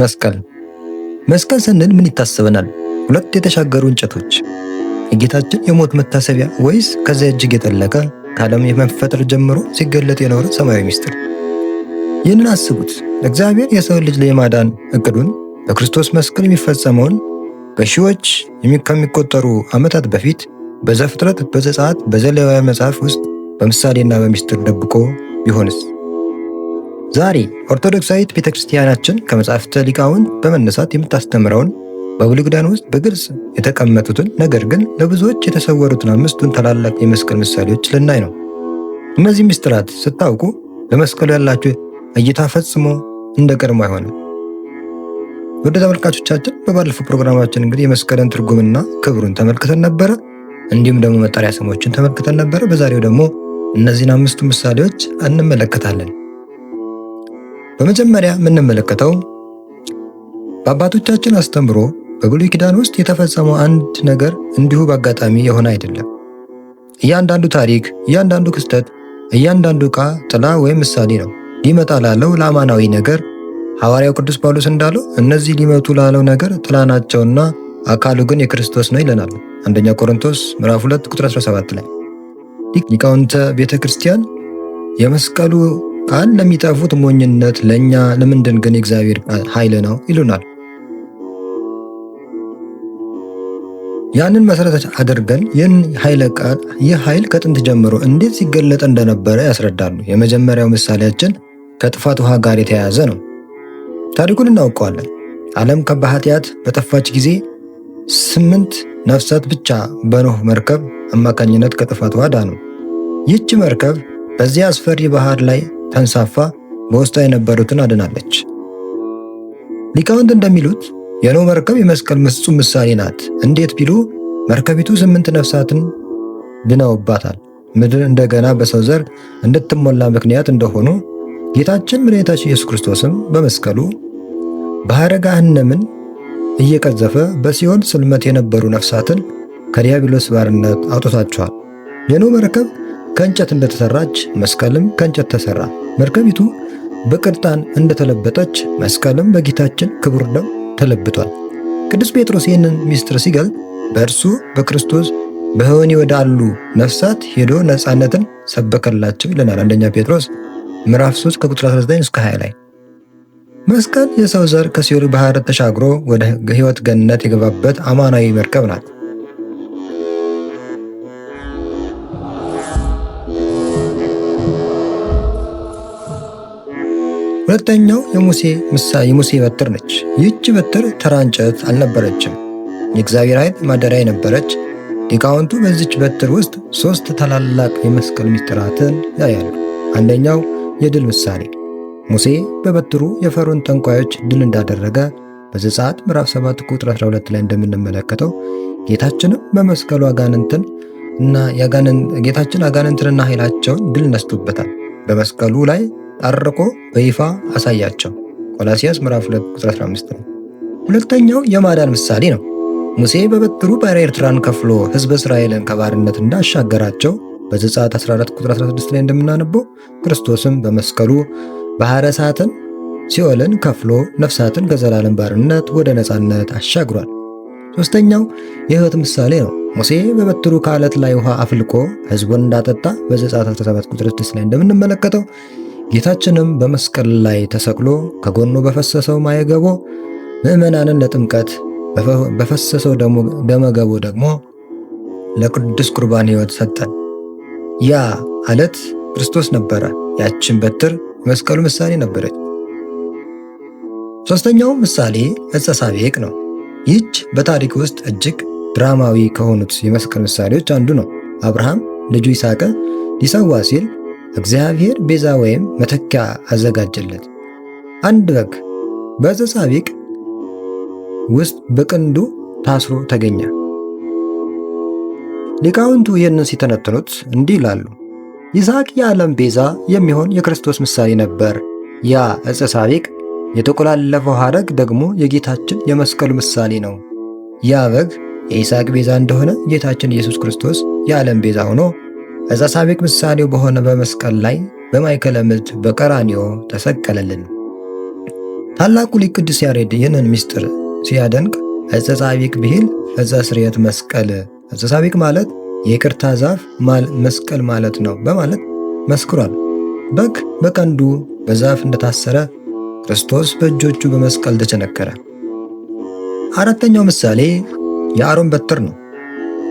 መስቀል መስቀል ስንል ምን ይታሰበናል? ሁለት የተሻገሩ እንጨቶች የጌታችን የሞት መታሰቢያ ወይስ ከዚያ እጅግ የጠለቀ ከዓለም የመፈጠር ጀምሮ ሲገለጥ የኖረ ሰማያዊ ምስጢር? ይህንን አስቡት። እግዚአብሔር የሰው ልጅ ለማዳን እቅዱን በክርስቶስ መስቀል የሚፈጸመውን በሺዎች ከሚቆጠሩ ዓመታት በፊት በዘፍጥረት፣ በዘጸአት፣ በዘሌዋውያን መጽሐፍ ውስጥ በምሳሌና በሚስጥር ደብቆ ቢሆንስ? ዛሬ ኦርቶዶክሳዊት ቤተ ክርስቲያናችን ከመጻሕፍተ ሊቃውንት በመነሳት የምታስተምረውን በብሉይ ኪዳን ውስጥ በግልጽ የተቀመጡትን ነገር ግን ለብዙዎች የተሰወሩትን አምስቱን ታላላቅ የመስቀል ምሳሌዎች ልናይ ነው። እነዚህ ምስጢራት ስታውቁ ለመስቀሉ ያላችሁ እይታ ፈጽሞ እንደ ቀድሞ አይሆንም። ወደ ተመልካቾቻችን በባለፈው ፕሮግራማችን እንግዲህ የመስቀልን ትርጉምና ክብሩን ተመልክተን ነበረ። እንዲሁም ደግሞ መጠሪያ ስሞችን ተመልክተን ነበረ። በዛሬው ደግሞ እነዚህን አምስቱ ምሳሌዎች እንመለከታለን። በመጀመሪያ የምንመለከተው በአባቶቻችን አስተምሮ በብሉይ ኪዳን ውስጥ የተፈጸመው አንድ ነገር እንዲሁ በአጋጣሚ የሆነ አይደለም። እያንዳንዱ ታሪክ፣ እያንዳንዱ ክስተት፣ እያንዳንዱ ዕቃ ጥላ ወይም ምሳሌ ነው ሊመጣ ላለው ለአማናዊ ነገር ሐዋርያው ቅዱስ ጳውሎስ እንዳለው እነዚህ ሊመጡ ላለው ነገር ጥላ ናቸውና አካሉ ግን የክርስቶስ ነው ይለናል። አንደኛ ቆሮንቶስ ምዕራፍ 2 ቁጥር 17 ላይ ሊቃውንተ ቤተ ክርስቲያን የመስቀሉ ቃል ለሚጠፉት ሞኝነት፣ ለእኛ ለምንድን ግን የእግዚአብሔር ቃል ኃይል ነው ይሉናል። ያንን መሰረት አድርገን ይህን ኃይለ ቃል ይህ ኃይል ከጥንት ጀምሮ እንዴት ሲገለጥ እንደነበረ ያስረዳሉ። የመጀመሪያው ምሳሌያችን ከጥፋት ውሃ ጋር የተያያዘ ነው። ታሪኩን እናውቀዋለን። ዓለም በኃጢአት በጠፋች ጊዜ ስምንት ነፍሳት ብቻ በኖህ መርከብ አማካኝነት ከጥፋት ውሃ ዳኑ። ይህች መርከብ በዚያ አስፈሪ ባህር ላይ ተንሳፋ በውስጧ የነበሩትን አድናለች። ሊቃውንት እንደሚሉት የኖ መርከብ የመስቀል ፍጹም ምሳሌ ናት። እንዴት ቢሉ መርከቢቱ ስምንት ነፍሳትን ድነውባታል። ምድር እንደገና በሰው ዘር እንድትሞላ ምክንያት እንደሆኑ ጌታችን መድኃኒታችን ኢየሱስ ክርስቶስም በመስቀሉ ባሕረ ገሃነምን እየቀዘፈ በሲኦል ስልመት የነበሩ ነፍሳትን ከዲያብሎስ ባርነት አውጥቷቸዋል። የኖ መርከብ ከእንጨት እንደተሰራች መስቀልም ከእንጨት ተሰራ። መርከቢቱ በቅርጣን እንደተለበጠች መስቀልም በጌታችን ክቡር ደም ተለብጧል። ቅዱስ ጴጥሮስ ይህንን ሚስጥር ሲገልጥ በእርሱ በክርስቶስ በሕይወት ወዳሉ ነፍሳት ሄዶ ነፃነትን ሰበከላቸው ይለናል። አንደኛ ጴጥሮስ ምዕራፍ 3 ከቁጥር 19 እስከ 20 ላይ መስቀል የሰው ዘር ከሲኦል ባህር ተሻግሮ ወደ ሕይወት ገነት የገባበት አማናዊ መርከብ ናት። ሁለተኛው የሙሴ ምሳ የሙሴ በትር ነች። ይህች በትር ተራ እንጨት አልነበረችም። የእግዚአብሔር ኃይል ማደሪያ የነበረች። ሊቃውንቱ በዚች በትር ውስጥ ሦስት ታላላቅ የመስቀል ምስጢራትን ያያሉ። አንደኛው የድል ምሳሌ፣ ሙሴ በበትሩ የፈርዖን ጠንቋዮች ድል እንዳደረገ በዘጸአት ምዕራፍ 7 ቁጥር 12 ላይ እንደምንመለከተው ጌታችንም በመስቀሉ አጋንንትን እና ጌታችን አጋንንትንና ኃይላቸውን ድል ነስቶበታል። በመስቀሉ ላይ አርቆ በይፋ አሳያቸው። ቆላሲያስ ምዕራፍ 2 ቁጥር 15 ነው። ሁለተኛው የማዳን ምሳሌ ነው። ሙሴ በበትሩ ባሕረ ኤርትራን ከፍሎ ሕዝብ እስራኤልን ከባርነት እንዳሻገራቸው በዘጸአት 14 ቁጥር 16 ላይ እንደምናነበው ክርስቶስም በመስቀሉ ባሕረ እሳትን ሲኦልን ከፍሎ ነፍሳትን ከዘላለም ባርነት ወደ ነፃነት አሻግሯል። ሦስተኛው የሕይወት ምሳሌ ነው። ሙሴ በበትሩ ከዓለት ላይ ውሃ አፍልቆ ሕዝቡን እንዳጠጣ በዘጸአት 17 ቁጥር 6 ላይ እንደምንመለከተው ጌታችንም በመስቀል ላይ ተሰቅሎ ከጎኑ በፈሰሰው ማየገቦ ምእመናንን ለጥምቀት በፈሰሰው ደመገቦ ደግሞ ለቅዱስ ቁርባን ሕይወት ሰጠን። ያ አለት ክርስቶስ ነበረ። ያችን በትር መስቀሉ ምሳሌ ነበረች። ሦስተኛው ምሳሌ ዕፀ ሳቤቅ ነው። ይህች በታሪክ ውስጥ እጅግ ድራማዊ ከሆኑት የመስቀል ምሳሌዎች አንዱ ነው። አብርሃም ልጁ ይስሐቅ ሊሰዋ ሲል እግዚአብሔር ቤዛ ወይም መተኪያ አዘጋጀለት። አንድ በግ በዘሳቢቅ ውስጥ በቅንዱ ታስሮ ተገኘ። ሊቃውንቱ ይህንን ሲተነትኑት እንዲህ ይላሉ። ይስሐቅ የዓለም ቤዛ የሚሆን የክርስቶስ ምሳሌ ነበር። ያ ዕፀ ሳቢቅ የተቆላለፈው ሐረግ ደግሞ የጌታችን የመስቀሉ ምሳሌ ነው። ያ በግ የይስሐቅ ቤዛ እንደሆነ ጌታችን ኢየሱስ ክርስቶስ የዓለም ቤዛ ሆኖ ዕፀ ምሳሌው በሆነ በመስቀል ላይ በማይከለ ምት ተሰቀለልን። ታላቁ ሊቅ ቅዱስ ያሬድ ይህንን ምስጢር ሲያደንቅ ዕፀ ሳቤቅ ብሂል ስርየት መስቀል፣ ዕፀ ማለት የይቅርታ ዛፍ መስቀል ማለት ነው በማለት መስክሯል። በግ በቀንዱ በዛፍ እንደታሰረ ክርስቶስ በእጆቹ በመስቀል ተቸነከረ። አራተኛው ምሳሌ የአሮን በትር ነው።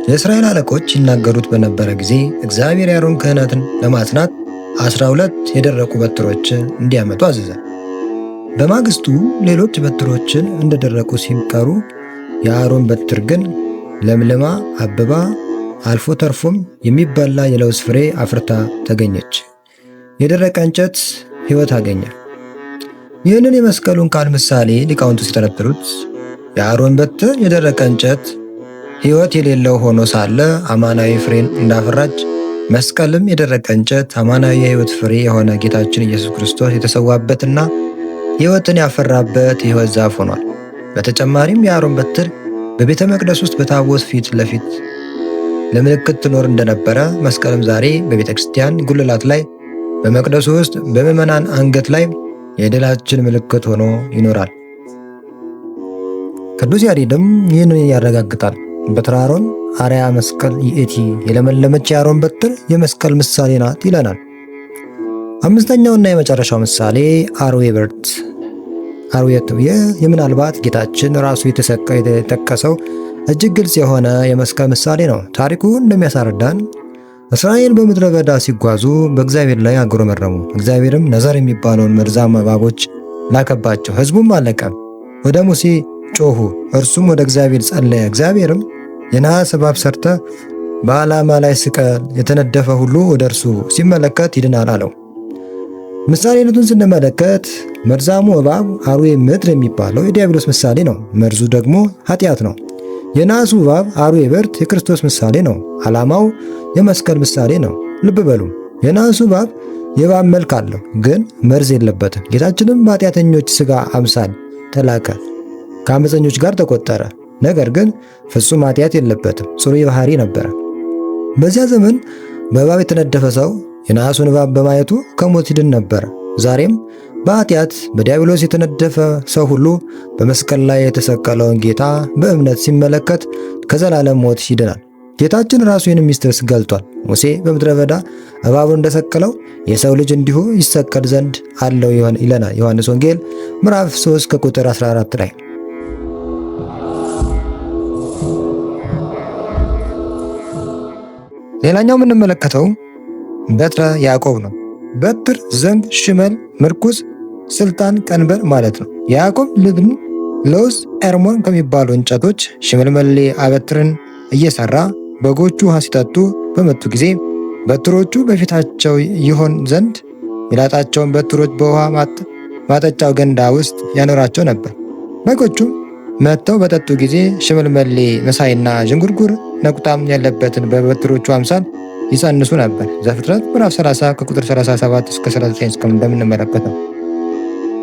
የእስራኤል አለቆች ይናገሩት በነበረ ጊዜ እግዚአብሔር የአሮን ክህነትን ለማጽናት አስራ ሁለት የደረቁ በትሮች እንዲያመጡ አዘዘ። በማግስቱ ሌሎች በትሮችን እንደደረቁ ሲቀሩ የአሮን በትር ግን ለምልማ አበባ አልፎ ተርፎም የሚበላ የለውዝ ፍሬ አፍርታ ተገኘች። የደረቀ እንጨት ሕይወት አገኘ። ይህንን የመስቀሉን ቃል ምሳሌ ሊቃውንቱ ሲጠረጥሩት የአሮን በትር የደረቀ እንጨት ሕይወት የሌለው ሆኖ ሳለ አማናዊ ፍሬን እንዳፈራች መስቀልም የደረቀ እንጨት አማናዊ የሕይወት ፍሬ የሆነ ጌታችን ኢየሱስ ክርስቶስ የተሰዋበትና ሕይወትን ያፈራበት የሕይወት ዛፍ ሆኗል። በተጨማሪም የአሮን በትር በቤተ መቅደስ ውስጥ በታቦት ፊት ለፊት ለምልክት ትኖር እንደነበረ መስቀልም ዛሬ በቤተ ክርስቲያን ጉልላት ላይ በመቅደሱ ውስጥ በምዕመናን አንገት ላይ የድላችን ምልክት ሆኖ ይኖራል። ቅዱስ ያሬድም ይህንን ያረጋግጣል። በትረ አሮን አርያ መስቀል ይእቲ የለመለመች የአሮን በትር የመስቀል ምሳሌ ናት ይለናል። አምስተኛውና የመጨረሻው ምሳሌ አርዌ ብርት አርዌት የምናልባት ጌታችን ራሱ የተጠቀሰው እጅግ ግልጽ የሆነ የመስቀል ምሳሌ ነው። ታሪኩ እንደሚያሳርዳን እስራኤል በምድረ በዳ ሲጓዙ በእግዚአብሔር ላይ አጉረመረሙ። እግዚአብሔርም ነዘር የሚባለውን መርዛማ እባቦች ላከባቸው። ሕዝቡም አለቀ። ወደ ሙሴ ጮኹ፣ እርሱም ወደ እግዚአብሔር ጸለየ። እግዚአብሔርም የነሐስ እባብ ሰርተ በዓላማ ላይ ስቀል፣ የተነደፈ ሁሉ ወደ እርሱ ሲመለከት ይድናል አለው። ምሳሌነቱን ስንመለከት መርዛሙ እባብ አሩዌ ምድር የሚባለው የዲያብሎስ ምሳሌ ነው። መርዙ ደግሞ ኃጢአት ነው። የነሐሱ እባብ አርዌ ብርት የክርስቶስ ምሳሌ ነው። ዓላማው የመስቀል ምሳሌ ነው። ልብ በሉ የነሐሱ እባብ የእባብ መልክ አለው፣ ግን መርዝ የለበትም። ጌታችንም በኃጢአተኞች ሥጋ አምሳል ተላከ፣ ከአመፀኞች ጋር ተቆጠረ። ነገር ግን ፍጹም ኃጢአት የለበትም፣ ጽሩይ ባህሪ ነበረ። በዚያ ዘመን በእባብ የተነደፈ ሰው የነሐሱን እባብ በማየቱ ከሞት ይድን ነበር። ዛሬም በኃጢአት በዲያብሎስ የተነደፈ ሰው ሁሉ በመስቀል ላይ የተሰቀለውን ጌታ በእምነት ሲመለከት ከዘላለም ሞት ይድናል። ጌታችን ራሱ ይህን ምስጢር ገልጧል። ሙሴ በምድረ በዳ እባቡን እንደሰቀለው የሰው ልጅ እንዲሁ ይሰቀል ዘንድ አለው ይለናል ዮሐንስ ወንጌል ምዕራፍ 3 ከቁጥር 14 ላይ ሌላኛው የምንመለከተው በትረ ያዕቆብ ነው። በትር፣ ዘንግ፣ ሽመል፣ ምርኩዝ፣ ስልጣን፣ ቀንበር ማለት ነው። ያዕቆብ ልብን፣ ለውዝ፣ ኤርሞን ከሚባሉ እንጨቶች ሽመልመሌ አበትርን እየሰራ በጎቹ ውሃ ሲጠጡ በመጡ ጊዜ በትሮቹ በፊታቸው ይሆን ዘንድ የላጣቸውን በትሮች በውሃ ማጠጫው ገንዳ ውስጥ ያኖራቸው ነበር። በጎቹም መጥተው በጠጡ ጊዜ ሽመልመሌ መሳይና ዥንጉርጉር ነቁጣም ያለበትን በበትሮቹ አምሳል ይጸንሱ ነበር። ዘፍጥረት ምዕራፍ 30 ከቁጥር 37 እስከ 39 እስከ እንደምንመለከተው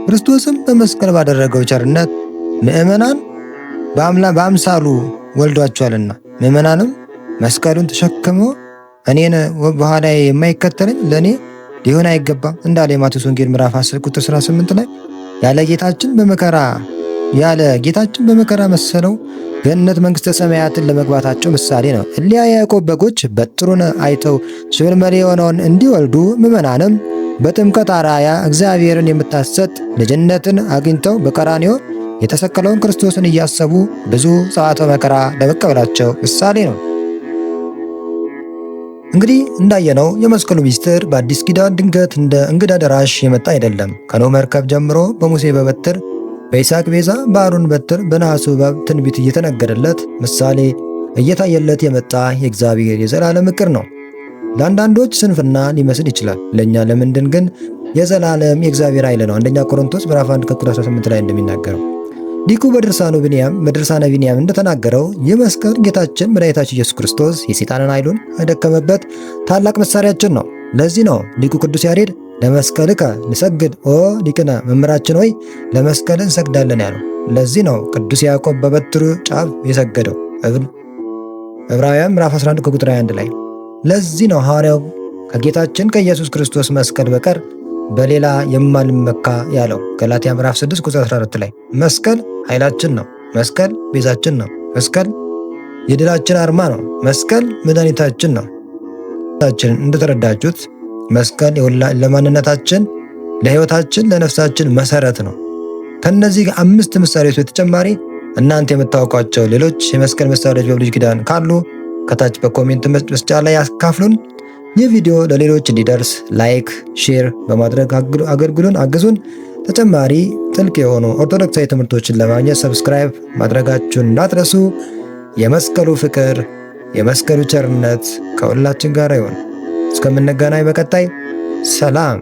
ክርስቶስም በመስቀል ባደረገው ቸርነት ምእመናን በአምሳሉ ወልዷቸዋልና ምእመናንም መስቀሉን ተሸክመው እኔን በኋላ የማይከተለኝ ለእኔ ሊሆን አይገባም እንዳለ የማቴዎስ ወንጌል ምዕራፍ 10 ቁጥር 18 ላይ ያለ ጌታችን በመከራ ያለ ጌታችን በመከራ መሰለው ገነት መንግሥተ ሰማያትን ለመግባታቸው ምሳሌ ነው። እሊያ ያዕቆብ በጎች በትሩን አይተው ሽብል መሪ የሆነውን እንዲወልዱ ምዕመናንም በጥምቀት አራያ እግዚአብሔርን የምታሰጥ ልጅነትን አግኝተው በቀራንዮ የተሰቀለውን ክርስቶስን እያሰቡ ብዙ ጸዋተ መከራ ለመቀበላቸው ምሳሌ ነው። እንግዲህ እንዳየነው የመስቀሉ ሚስጥር በአዲስ ኪዳን ድንገት እንደ እንግዳ ደራሽ የመጣ አይደለም። ከኖኅ መርከብ ጀምሮ በሙሴ በበትር በይስሐቅ ቤዛ በአሮን በትር በነሐሱ እባብ ትንቢት እየተነገረለት ምሳሌ እየታየለት የመጣ የእግዚአብሔር የዘላለም ምክር ነው። ለአንዳንዶች ስንፍና ሊመስል ይችላል። ለእኛ ለምንድን ግን የዘላለም የእግዚአብሔር ኃይል ነው። አንደኛ ቆሮንቶስ ምዕራፍ 1 ቁጥር 18 ላይ እንደሚናገረው ሊቁ በድርሳኑ ብንያም በድርሳነ ብንያም እንደተናገረው ይህ መስቀል ጌታችን መድኃኒታችን ኢየሱስ ክርስቶስ የሰይጣንን ኃይሉን ያደከመበት ታላቅ መሳሪያችን ነው። ለዚህ ነው ሊቁ ቅዱስ ያሬድ ለመስቀልከ ንሰግድ ኦ ሊቅነ መምህራችን ሆይ ለመስቀል እንሰግዳለን ያለው። ለዚህ ነው ቅዱስ ያዕቆብ በበትሩ ጫፍ የሰገደው ዕብራውያን ምዕራፍ 11 ከቁጥር 21 ላይ። ለዚህ ነው ሐዋርያው ከጌታችን ከኢየሱስ ክርስቶስ መስቀል በቀር በሌላ የማልመካ ያለው ገላትያ ምዕራፍ 6 ቁጥር 14 ላይ። መስቀል ኃይላችን ነው። መስቀል ቤዛችን ነው። መስቀል የድላችን አርማ ነው። መስቀል መድኃኒታችን ነው። ታችን እንደተረዳችሁት መስቀል ለማንነታችን፣ ለህይወታችን፣ ለነፍሳችን መሰረት ነው። ከነዚህ አምስት ምሳሌዎች በተጨማሪ እናንተ የምታውቋቸው ሌሎች የመስቀል ምሳሌዎች በብሉይ ኪዳን ካሉ ከታች በኮሜንት መስጫ ላይ ያካፍሉን። ይህ ቪዲዮ ለሌሎች እንዲደርስ ላይክ፣ ሼር በማድረግ አገልግሉን፣ አግዙን። ተጨማሪ ጥልቅ የሆኑ ኦርቶዶክሳዊ ትምህርቶችን ለማግኘት ሰብስክራይብ ማድረጋችሁን እንዳትረሱ። የመስቀሉ ፍቅር የመስቀሉ ቸርነት ከሁላችን ጋር ይሆን። እስከምንገናኝ በቀጣይ ሰላም።